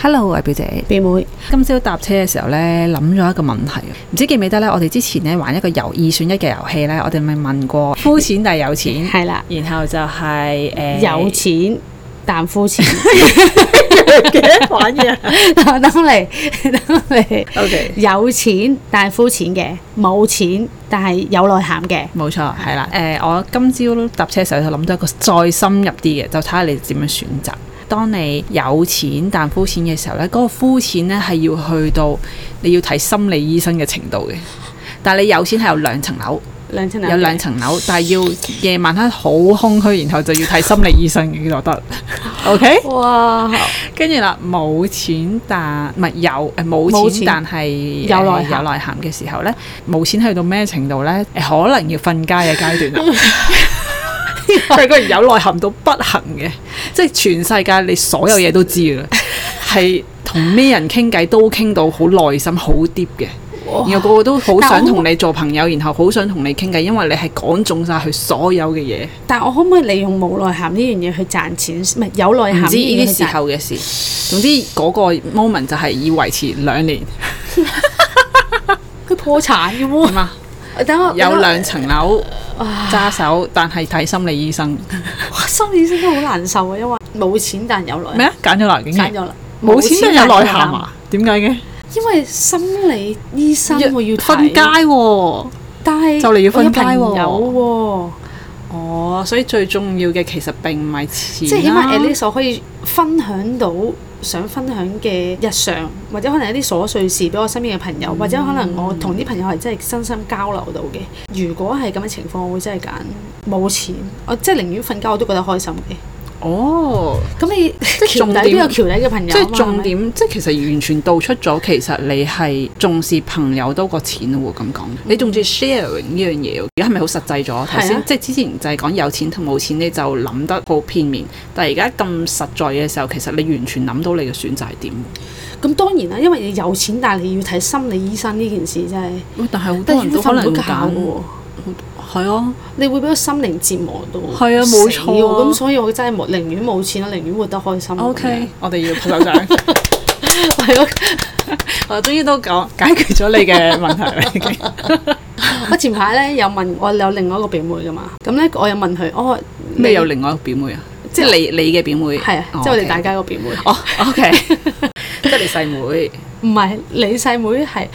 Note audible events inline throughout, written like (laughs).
Hello，我係表姐，表妹。今朝搭車嘅時候咧，諗咗一個問題，唔知記唔記得咧？我哋之前咧玩一個由二選一嘅遊戲咧，我哋咪問過膚淺定係有錢？係啦 (laughs) 了，然後就係、是、誒，呃、有錢但膚淺，幾多款嘢？等我嚟，等我嚟。O K，有錢但係膚淺嘅，冇錢但係有內涵嘅，冇錯，係啦。誒的、呃，我今朝搭車時候就諗咗一個再深入啲嘅，就睇下你點樣選擇。當你有錢但膚淺嘅時候呢嗰、嗰個膚淺呢係要去到你要睇心理醫生嘅程度嘅。但係你有錢係有兩層樓，兩層樓有兩層樓，幾但係要夜晚黑好空虛，然後就要睇心理醫生先得。 (laughs) OK？哇！跟住啦，冇錢但唔係有冇錢,錢但係是有內涵嘅、呃、時候呢，冇錢去到咩程度呢？可能要瞓街嘅階段 (laughs) (laughs) 佢個人有內涵到不行嘅，即係全世界你所有嘢都知啦,係同咩人傾偈都傾到好耐心、好 deep 嘅，然後個個都好想同你做朋友，然後好想同你傾偈，因為你係講中晒佢所有嘅嘢。 (laughs) 但係我可唔可以利用冇內涵呢樣嘢去賺錢？唔係有內涵呢啲知時候嘅事。總之嗰個 moment 就係以維持兩年，佢破產嘅喎。 (laughs) (laughs) 有兩層樓揸唉手，但係睇心理醫生。哇！心理醫生都好難受啊，因為冇錢但有內涵咩啊？揀咗內涵，揀咗啦。冇錢但有內涵啊？點解嘅？為因為心理醫生要瞓街喎，啊，但係就嚟要瞓街喎。哦，oh, 所以最重要嘅其實並唔係錢，啊，即係起碼 At least 呢首可以分享到想分享嘅日常，或者可能一啲瑣碎事俾我身邊嘅朋友，嗯，或者可能我同啲朋友係真係真心交流到嘅。如果係咁嘅情況，我會真係揀冇錢，我即係寧願瞓覺我都覺得開心嘅。哦，咁你即係橋底都有橋底嘅朋友，即係重點，即係其實完全道出咗，其實你係重視朋友多過錢喎。咁講，嗯、你仲視 sharing 呢樣嘢，而家係咪好實際咗。頭先、啊、即係之前就係講有錢同冇錢，你就諗得好片面。但係而家咁實在嘅時候，其實你完全諗到你嘅選擇係點。咁當然啦，因為你有錢，但係你要睇心理醫生呢件事真係，但係好多人都可能搞喎。係啊，你會俾個心靈折磨到。係啊，冇錯。咁所以我真係冇，寧願冇錢，寧願活得開心。O K，我哋要拍手掌。係咯，我終於都講解決咗你嘅問題啦。我前排咧有問我有另外一個表妹㗎嘛。咁咧我又問佢，哦，咩有另外一個表妹啊？即係你你嘅表妹，係啊，即係我哋大家嗰表妹。哦，O K，即係你細妹，唔係你細妹係。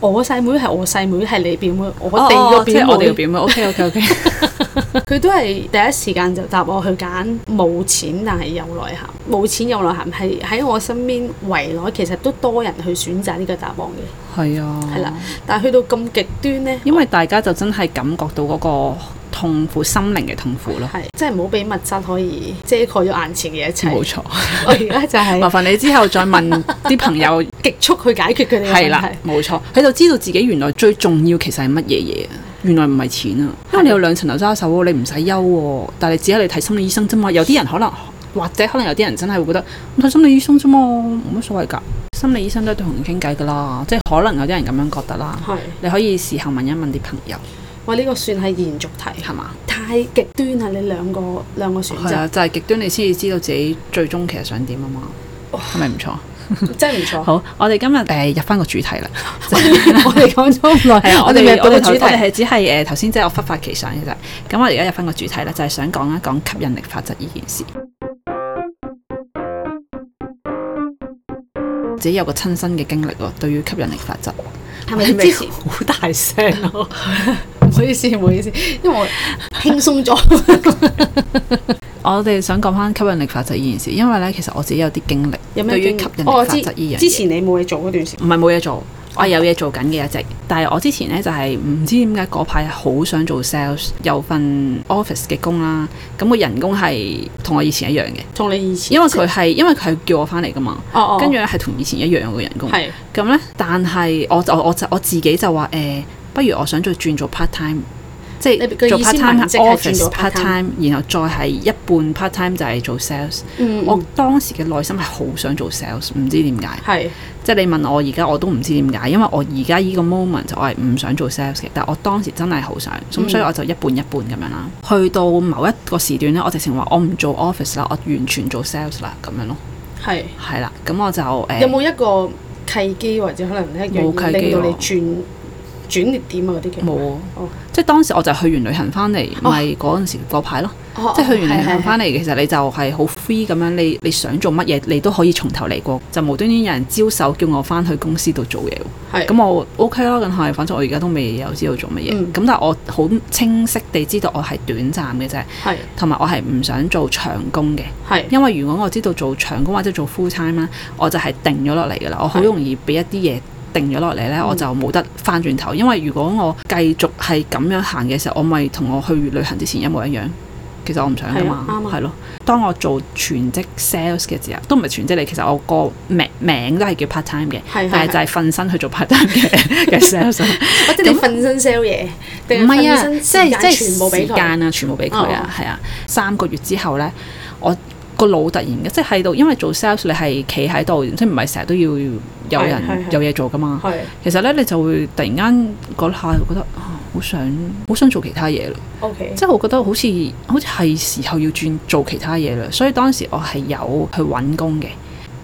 我細妹係我細妹係你妹妹表妹，哦哦我哋嗰邊我哋表妹。O K O K O K，佢都係第一時間就答我去揀冇錢但係有內涵，冇錢有內涵係喺我身邊圍內其實都多人去選擇呢個答案嘅。係啊，係啦，但係去到咁極端咧，因為大家就真係感覺到嗰個。痛苦心靈嘅痛苦咯，係即係唔好俾物質可以遮蓋咗眼前嘅一切。冇錯， (laughs) 我而家就係、是、 (laughs) 麻煩你之後再問啲朋友， (laughs) 極速去解決佢哋係啦，冇錯，佢就知道自己原來最重要其實係乜嘢嘢啊？原來唔係錢啊，的因為你有兩層樓揸手、啊，你唔使憂喎。但係只係你睇心理醫生啫嘛。有啲人可能或者可能有啲人真係會覺得唔睇心理醫生啫嘛，冇乜所謂㗎。心理醫生都係同人傾偈㗎啦，即、就、係、是、可能有啲人咁樣覺得啦。係的，你可以事後問一問啲朋友。我呢個算係延續題係嘛？太極端啦！你兩個兩個選擇就係極端，你先至知道自己最終其實想點啊嘛，係咪唔錯？真係唔錯。好，我哋今日誒入翻個主題啦。我哋講咗好耐，我哋嘅本個主題係只係誒頭先即係我忽發奇想嘅啫，咁我而家入翻個主題啦，就係想講一講吸引力法則呢件事。自己有個親身嘅經歷喎，對於吸引力法則係咪之前好大聲？唔好意思，唔好意思，因為我輕鬆咗。我哋想講翻吸引力法則呢件事，因為咧，其實我自己有啲經歷，有咩經歷？對於吸引力法則呢樣，之前你冇嘢做嗰段時間，唔係冇嘢做，我有嘢做緊嘅一直。哦、但係我之前咧就係、是、唔知點解嗰排好想做 sales，有份 office 嘅工啦。咁個人工係同我以前一樣嘅，同你以前。因為佢係因為佢叫我翻嚟噶嘛，哦哦跟住係同以前一樣嘅人工，係咁咧。但係我就我就我，我，我自己就話誒。欸不如我想再轉做 part time，即係做 part time，office，我轉咗 part time，然後再係一半 part time 就係做 sales。我當時嘅內心係好想做 sales，唔知點解。係，即係你問我而家我都唔知點解，因為我而家依個 moment 我係唔想做 sales 嘅，但係我當時真係好想，咁所以我就一半一半咁樣啦。去到某一個時段咧，我直情話我唔做 office 啦，我完全做 sales 啦咁樣咯。係，係啦，咁我就誒。有冇一個契機或者可能一樣令到你轉？轉捩點啊，嗰啲嘅冇哦，啊 oh. 即係當時我去、oh. 就去完旅行翻嚟，咪嗰陣時嗰排咯，即係去完旅行翻嚟，其實你就係好 free 咁樣，你你想做乜嘢，你都可以從頭嚟過，就無端端有人招手叫我翻去公司度做嘢咁是我 OK 咯，咁係，反正我而家都未有知道做乜嘢，咁、mm. 但係我好清晰地知道我係短暫嘅啫，係是，同埋我係唔想做長工嘅，係是，因為如果我知道做長工或者做 full time 啦，我就係定咗落嚟噶啦，我好容易俾一啲嘢。定咗落嚟咧，嗯、我就冇得翻轉頭，因為如果我繼續係咁樣行嘅時候，我咪同我去旅行之前一模一樣。其實我唔想㗎嘛，係咯。當我做全職 sales 嘅時候，都唔係全職嚟。其實我個名名都係叫 part time 嘅，係的就係瞓身去做 part time 嘅 sales。我即係你瞓身 sell 嘢，唔係啊，即係即係全部俾時間啦，全部俾佢啊，係啊、哦。三個月之後咧，我。個腦突然嘅，即係喺度，因為做 sales 你係企喺度，即係唔係成日都要有人有嘢做噶嘛。係，其實咧你就會突然間嗰下覺得啊，好想好想做其他嘢啦。Okay. 即係我覺得好似好似係時候要轉做其他嘢啦。所以當時我係有去揾工嘅，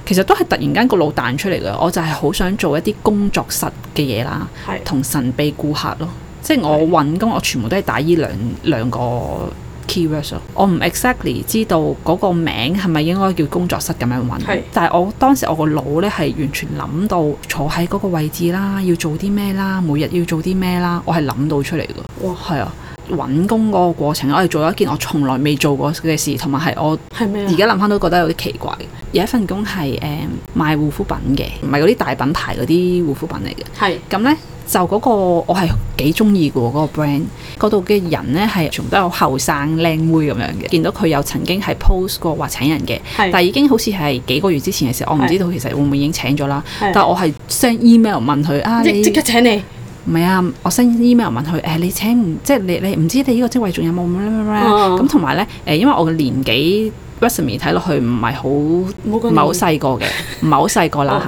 其實都係突然間個腦彈出嚟嘅。我就係好想做一啲工作室嘅嘢啦，同的神秘顧客咯。即係我揾工，的我全部都係打呢兩兩個。key 我唔 exactly 知道嗰個名係咪應該叫工作室咁樣揾，是但係我當時我個腦呢係完全諗到坐喺嗰個位置啦，要做啲咩啦，每日要做啲咩啦，我係諗到出嚟噶。哇，係啊，揾工嗰個過程，我係做咗一件我從來未做過嘅事，同埋係我，係咩啊？而家諗翻都覺得有啲奇怪。有一份工係誒、嗯、賣護膚品嘅，唔係嗰啲大品牌嗰啲護膚品嚟嘅。係咁是呢。就嗰個我係幾中意嘅喎，嗰個 brand，嗰度嘅人咧係全部都有後生靚妹咁樣嘅。見到佢有曾經係 post 過話請人嘅，是但係已經好似係幾個月之前嘅時候，我唔知道其實會唔會已經請咗啦。是但係我係 send email 問佢啊，即即是你刻請你。唔係啊，我 send email 問佢誒、啊，你請唔即係你你唔知你呢個職位仲有冇乜乜乜咁，同埋咧誒，因為我嘅年紀。resume 睇落去唔係好唔係好細個嘅，唔係好細個啦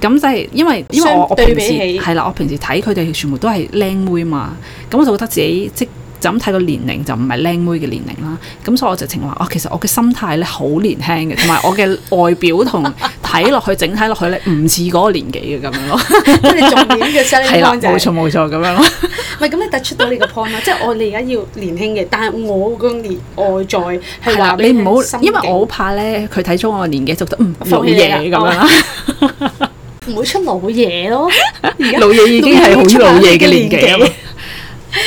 吓。咁、 (laughs) 啊、就係因為，因為我，我平時，係啦，我平時睇佢哋全部都係靚妹啊嘛，咁我就覺得自己即。就睇個年齡就唔係靚妹嘅年齡啦，咁所以我就情話，我其實我嘅心態咧好年輕嘅，同埋我嘅外表同睇落去整體落去咧唔似嗰個年紀嘅咁樣咯，即係撞臉嘅 style 冇錯冇錯咁樣咯。唔係咁你突出到你個 point 啦，即係我哋而家要年輕嘅，但係我嗰年外在係話你唔好，因為我好怕咧佢睇中我年紀就得老嘢咁樣啦，唔會出老嘢咯。而家老嘢已經係好老嘢嘅年紀。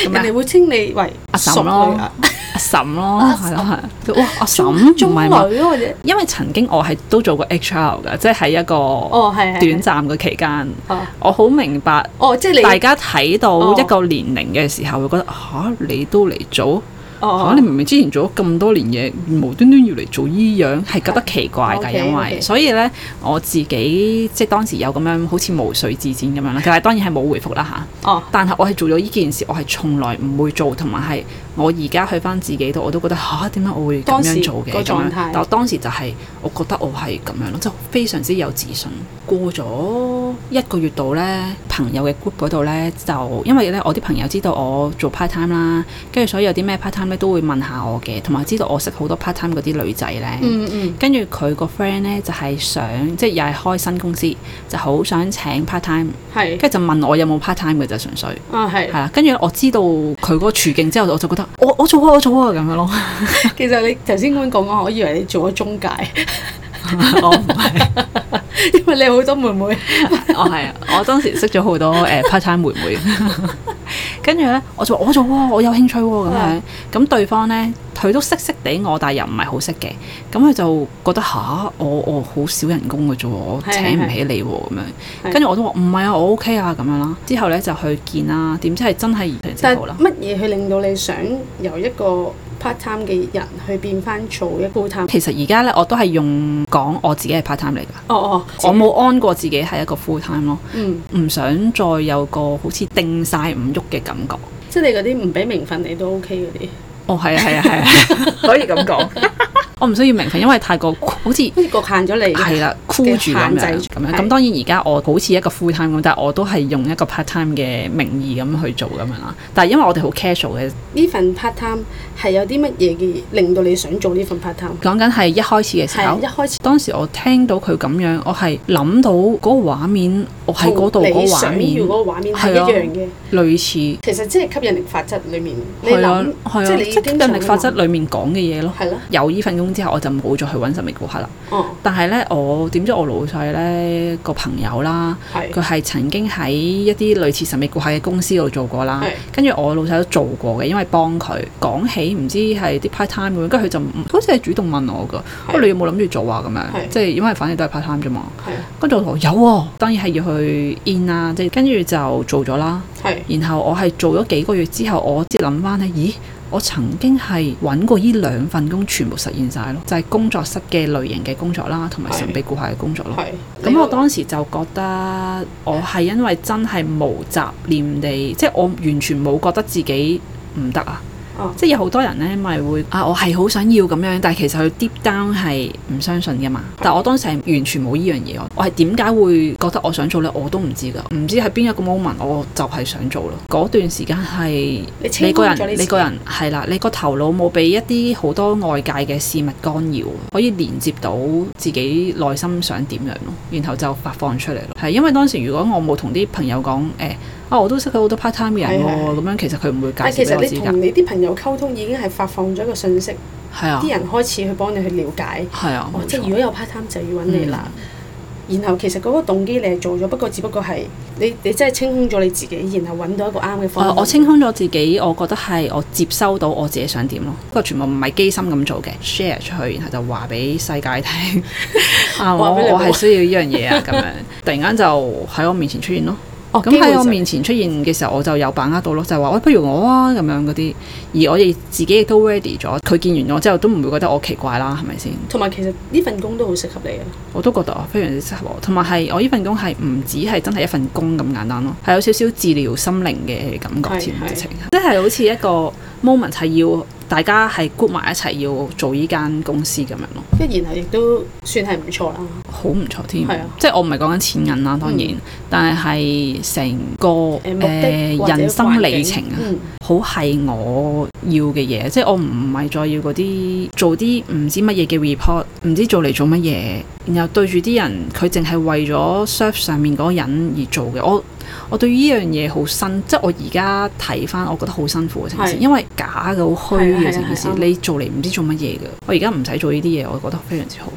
人哋會稱你為、啊、阿嬸咯， (laughs) 阿嬸咯，係咯係。哇，阿嬸中,中女咯，或者因為曾經我係都做過 H R 㗎，即係喺一個暫哦係短暫嘅期間，是是是我好明白哦，即係大家睇到一個年齡嘅時,、哦、時候，會覺得吓、啊、你都嚟做。嚇、oh, yeah. 啊！你明明之前做咗咁多年嘢，無端端要嚟做依樣，係覺得奇怪㗎。因為 okay, okay. 所以咧，我自己即係當時有咁樣，好似毛遂自薦咁樣啦。但係當然係冇回覆啦嚇。哦、啊。Oh. 但係我係做咗依件事，我係從來唔會做，同埋係我而家去翻自己度，我都覺得嚇點解我會咁樣做嘅？狀態。但係當時就係、是、我覺得我係咁樣咯，即係非常之有自信。過咗。一個月度咧，朋友嘅 group 嗰度咧，就因為咧，我啲朋友知道我做 part time 啦，跟住所以有啲咩 part time 咧，都會問下我嘅，同埋知道我識好多 part time 嗰啲女仔咧、嗯。嗯嗯。跟住佢個 friend 咧，就係想即係又係開新公司，就好想請 part time 是。係。跟住就問我有冇 part time 嘅就純粹。係、啊。係啦，跟住我知道佢嗰個處境之後，我就覺得我我做啊我做啊咁樣咯。 (laughs) 其實你頭先咁講，我以為你做咗中介。 (laughs) (laughs) 我唔係，因為你好多妹妹。我係啊，我當時識咗好多誒 part time 妹妹，跟住咧，我就我做，我有興趣咁、哦、樣。咁、啊、對方咧，佢都識識哋我，但係又唔係好識嘅。咁佢就覺得吓、啊，我我好少人工嘅啫，我請唔起你咁、哦、的樣。跟住的我都話唔係啊，我 OK 啊咁樣啦。之後咧就去見啦，點知係真係。但係乜嘢去令到你想由一個？part time 嘅人去變翻做一 full time 其實而家咧我都係用講我自己係 part time 嚟㗎。哦哦，我冇安過自己係一個 full time 咯。嗯，唔想再有個好似定晒唔喐嘅感覺。即係你嗰啲唔俾名份你都 OK 嗰啲。哦，係啊，係啊，係啊，啊 (laughs) 可以咁講。 (laughs) 我唔需要名份，因為太過好似個限咗你係啦，箍住咁樣，咁樣，咁當然而家我好似一個 full time 咁，但係我都係用一個 part time 嘅名義咁去做咁樣啦。但係因為我哋好 casual 嘅呢份 part time 係有啲乜嘢嘅令到你想做呢份 part time？講緊係一開始嘅時候，一開始當時我聽到佢咁樣，我係諗到嗰個畫面，我喺嗰度嗰個畫面係一樣嘅，類似其實即係吸引力法則裏面，係啊，即係你吸引力法則裏面講嘅嘢咯，係咯，有呢份工。之後我就冇再去揾神秘顧客啦。哦、但係呢，我點知我老細呢個朋友啦，佢係是 曾經喺一啲類似神秘顧客嘅公司度做過啦。跟住是 我老細都做過嘅，因為幫佢講起唔知係啲 part time 咁，跟住佢就唔好似係主動問我噶，我是、哦、你有冇諗住做啊？咁樣，即係因為反正都係 part time 啫嘛。跟住是 我有啊，當然係要去 in 啦。即係跟住就做咗啦。是 然後我係做咗幾個月之後，我即係諗翻呢，咦？我曾經係揾過呢兩份工，全部實現晒咯，就係、是、工作室嘅類型嘅工作啦，同埋神秘顧客嘅工作咯。咁我當時就覺得我係因為真係無雜念地，即係的我完全冇覺得自己唔得啊。即係有好多人呢，咪會啊！我係好想要咁樣，但係其實佢 deep down 係唔相信嘅嘛。但係我當時係完全冇呢樣嘢，我係點解會覺得我想做呢？我都唔知㗎，唔知係邊一個 moment 我就係想做咯。嗰段時間係你個人，你，你個人係啦，你個頭腦冇俾一啲好多外界嘅事物干擾，可以連接到自己內心想點樣咯，然後就發放出嚟咯。係因為當時如果我冇同啲朋友講誒。欸啊、哦！我都識到好多 part time 人喎、哦，咁是樣其實佢唔會介紹但其實你同你啲朋友溝通已經係發放咗一個訊息，啲、啊、人開始去幫你去了解。係啊，哦、錯即係如果有 part time 就要揾你啦。啊、然後其實嗰個動機你係做咗，不過只不過係你你真係清空咗你自己，然後揾到一個啱嘅方、啊。我清空咗自己，我覺得係我接收到我自己想點咯。不過全部唔係機心咁做嘅，share 出去然後就話俾世界聽。 (laughs) (laughs) 啊，你 (laughs) 我我係需要呢樣嘢啊！咁樣突然間就喺我面前出現咯。咁喺我面前出現嘅時候，我就有把握到咯，就係話，喂，不如我啊咁樣嗰啲，而我哋自己亦都 ready 咗，佢見完我之後都唔會覺得我奇怪啦，係咪先？同埋其實呢份工都好適合你嘅，我都覺得啊，非常之適合我，同埋係我呢份工係唔止係真係一份工咁簡單咯，係有少少治療心靈嘅感覺添嘅，即係好似一個。moment 係要大家係 group 埋一齊要做依間公司咁樣咯，一然後亦都算係唔錯啦，好唔錯添，啊、即係我唔係講緊錢銀啦，當然，嗯、但係係成個誒人生里程啊，好係、嗯、我要嘅嘢，嗯、即係我唔係再要嗰啲做啲唔知乜嘢嘅 report，唔知做嚟做乜嘢，然後對住啲人，佢淨係為咗 serve 上面嗰個人而做嘅我。嗯我對於呢樣嘢好辛，即係我而家睇翻，我覺得好辛苦嘅成件事，是因為假嘅好虛嘅成件事，你做嚟唔知做乜嘢嘅。我而家唔使做呢啲嘢，我覺得非常之好。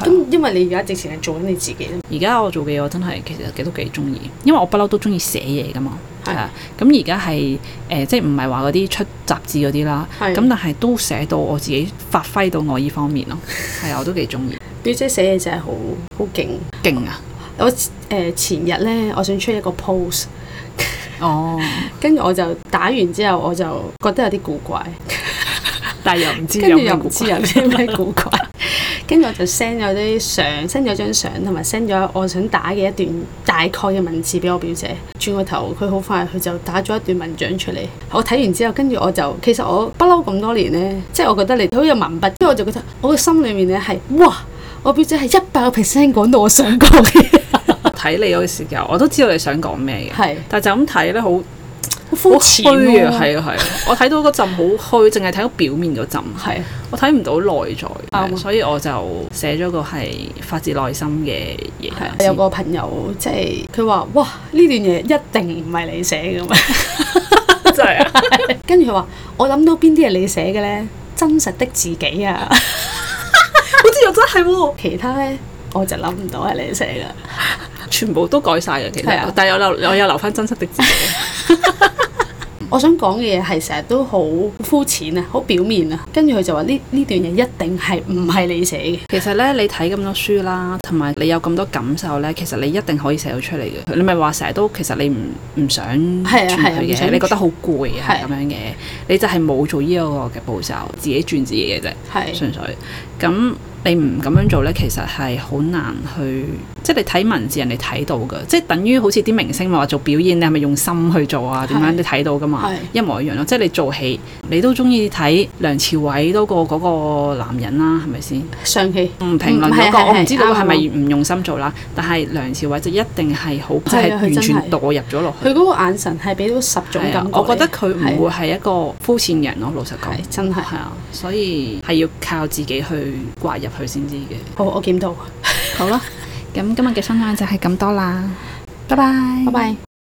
咁、啊、因為你而家直情係做緊你自己。而家我做嘅嘢，我真係其實嘅都幾中意，因為我不嬲都中意寫嘢噶嘛。係啊，咁而家係誒，即係唔係話嗰啲出雜誌嗰啲啦。咁、啊，但係都寫到我自己發揮到我呢方面咯。係 (laughs) 啊，我都幾中意。表姐寫嘢真係好好勁，勁啊！我誒、呃、前日咧，我想出一個 post 哦，跟住我就打完之後，我就覺得有啲古怪， (laughs) 但又唔知又唔知有啲咩古怪。跟住 (laughs) (laughs) 我就 send 咗啲相，send 咗張相同埋 send 咗我想打嘅一段大概嘅文字俾我表姐。轉個頭，佢好快佢就打咗一段文章出嚟。我睇完之後，跟住我就其實我不嬲咁多年咧，即係我覺得你好有文筆，跟住我就覺得我個心裡面咧係哇，我表姐係一百個 percent 講到我想講嘅。睇你嗰個時候，我都知道你想講咩嘅，是但係就咁睇咧，好好虛啊，係啊係，我睇到嗰陣好虛，淨係睇到表面嗰陣，係的，我睇唔到內在，所以我就寫咗個係發自內心嘅嘢。啊，有個朋友即係佢話：哇，呢段嘢一定唔係你寫嘅嘛。 (laughs) 啊」真係， (laughs) 跟住佢話：我諗到邊啲係你寫嘅咧？真實的自己啊， (laughs) (laughs) 好似又真係喎、哦。 (laughs) 其他咧，我就諗唔到係你寫㗎。全部都改晒嘅，其實，的但係我留，我有留翻真實的自己。 (laughs) (laughs) 我想講嘅嘢係成日都好膚淺啊，好表面啊。跟住佢就話：呢呢段嘢一定係唔係你寫嘅？ (laughs) 其實呢，你睇咁多書啦，同埋你有咁多感受呢，其實你一定可以寫到出嚟嘅。你咪話成日都其實你唔唔想轉佢嘅，你覺得好攰啊咁樣嘅，你就係冇做呢個嘅步驟，自己轉自己嘅啫，係的純粹咁。你唔咁樣做呢，其實係好難去，即係你睇文字人哋睇到噶，即係等於好似啲明星咪話做表演，你係咪用心去做啊？點樣你睇到噶嘛？一模一樣咯，即係你做戲，你都中意睇梁朝偉多過嗰個男人啦，係咪先？上戲唔評論嗰個，我唔知道係咪唔用心做啦。但係梁朝偉就一定係好，即係完全墮入咗落去。佢嗰個眼神係俾到十種感覺。我覺得佢唔會係一個膚淺人咯，老實講，真係係啊。所以係要靠自己去掛入。佢先知嘅，我我見到， (laughs) 好啦，咁今日嘅分享就係咁多啦，拜拜，拜拜。